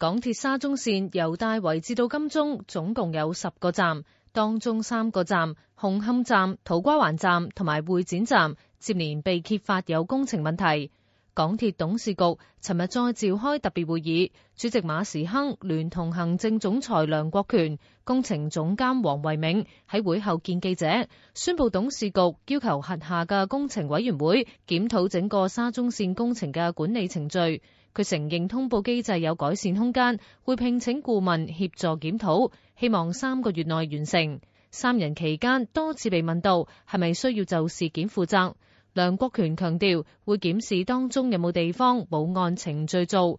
港鐵沙中線由大圍至到金鐘總共有十個站，當中三個站——紅磡站、土瓜灣站同埋會展站接連被揭發有工程問題。港鐵董事局尋日再召開特別會議，主席馬時亨、聯同行政總裁梁國權、工程總監黃慧明喺會後見記者，宣布董事局要求轄下嘅工程委員會檢討整個沙中線工程嘅管理程序。佢承認通報機制有改善空間，會聘請顧問協助檢討，希望三個月內完成。三人期間多次被問到係咪需要就事件負責。梁國權強調，會檢視當中有冇地方冇按程序做。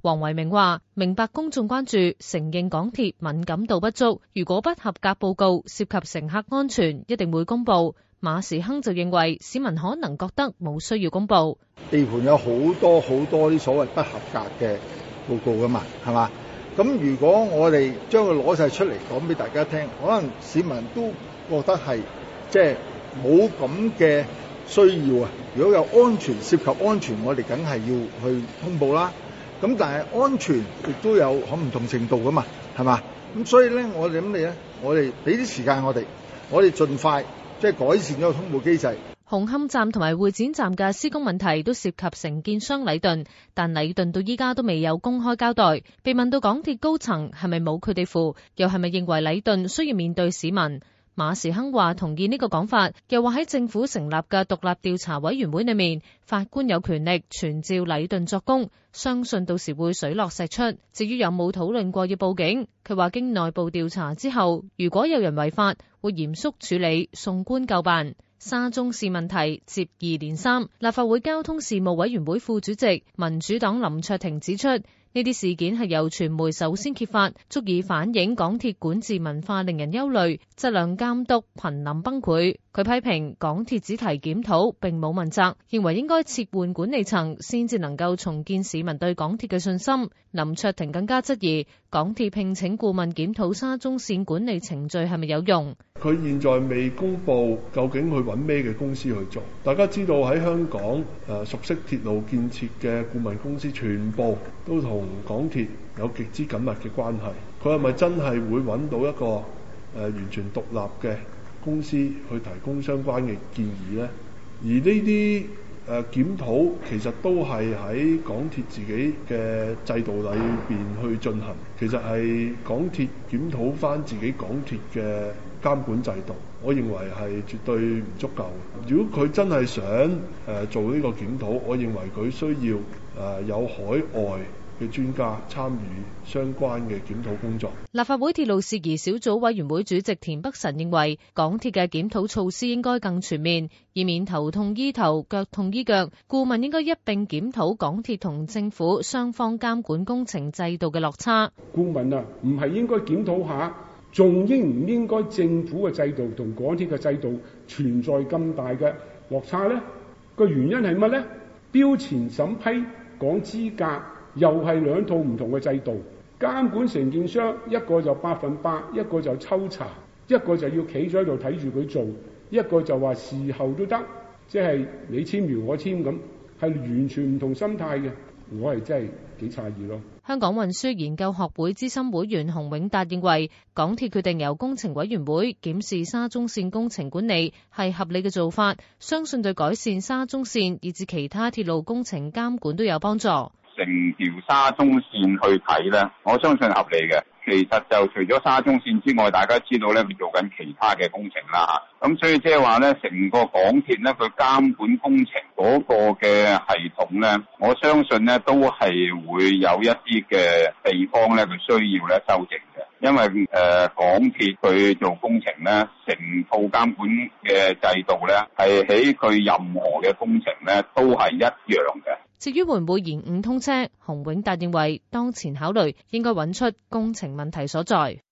黃唯銘話：明白公眾關注，承認港鐵敏感度不足。如果不合格報告涉及乘客安全，一定會公布。馬時亨就認為，市民可能覺得冇需要公布。地盤有好多好多啲所謂不合格嘅報告噶嘛，係嘛？咁如果我哋將佢攞晒出嚟講俾大家聽，可能市民都覺得係即係冇咁嘅需要啊。如果有安全涉及安全，我哋梗係要去通報啦。咁但係安全亦都有好唔同程度噶嘛，係嘛？咁所以咧，我哋諗你咧，我哋俾啲時間我哋，我哋盡快即係改善咗個通報機制。紅磡站同埋會展站嘅施工問題都涉及承建商禮頓，但禮頓到依家都未有公開交代。被問到港鐵高層係咪冇佢哋負，又係咪認為禮頓需要面對市民？馬時亨話同意呢個講法，又話喺政府成立嘅獨立調查委員會裏面，法官有權力傳召禮頓作供，相信到時會水落石出。至於有冇討論過要報警，佢話經內部調查之後，如果有人違法，會嚴肅處理送官究辦。沙中綫問題接二連三，立法會交通事務委員會副主席民主黨林卓廷指出。呢啲事件係由傳媒首先揭發，足以反映港鐵管治文化令人憂慮，質量監督瀕臨崩潰。佢批評港鐵只提檢討並冇問責，認為應該撤換管理層先至能夠重建市民對港鐵嘅信心。林卓廷更加質疑港鐵聘請顧問檢討沙中線管理程序係咪有用？佢現在未公布究竟去揾咩嘅公司去做。大家知道喺香港誒熟悉鐵路建設嘅顧問公司，全部都同。同港鐵有極之緊密嘅關係，佢係咪真係會揾到一個誒完全獨立嘅公司去提供相關嘅建議呢？而呢啲誒檢討其實都係喺港鐵自己嘅制度裏邊去進行，其實係港鐵檢討返自己港鐵嘅監管制度，我認為係絕對唔足夠。如果佢真係想誒做呢個檢討，我認為佢需要誒有海外嘅專家參與相關嘅檢討工作。立法會鐵路事宜小組委員會主席田北辰認為，港鐵嘅檢討措施應該更全面，以免頭痛醫頭、腳痛醫腳。顧問應該一併檢討港鐵同政府雙方監管工程制度嘅落差。顧問啊，唔係應該檢討下，仲應唔應該政府嘅制度同港鐵嘅制度存在咁大嘅落差呢？個原因係乜呢？標前審批講資格。又係兩套唔同嘅制度，監管承建商一個就百分百，一個就抽查，一個就要企咗喺度睇住佢做，一個就話事後都得，即係你簽完我簽咁，係完全唔同心態嘅。我係真係幾詫異咯。香港運輸研究學會資深會員洪永達認為，港鐵決定由工程委員會檢視沙中線工程管理係合理嘅做法，相信對改善沙中線以至其他鐵路工程監管都有幫助。成條沙中線去睇呢，我相信合理嘅。其實就除咗沙中線之外，大家知道呢，佢做緊其他嘅工程啦。咁所以即係話呢，成個港鐵呢，佢監管工程嗰個嘅系統呢，我相信呢，都係會有一啲嘅地方呢，佢需要呢，修正嘅。因為誒、呃、港鐵佢做工程呢，成套監管嘅制度呢，係喺佢任何嘅工程呢，都係一樣嘅。至於會唔會延誤通車，洪永達認為當前考慮應該揾出工程問題所在。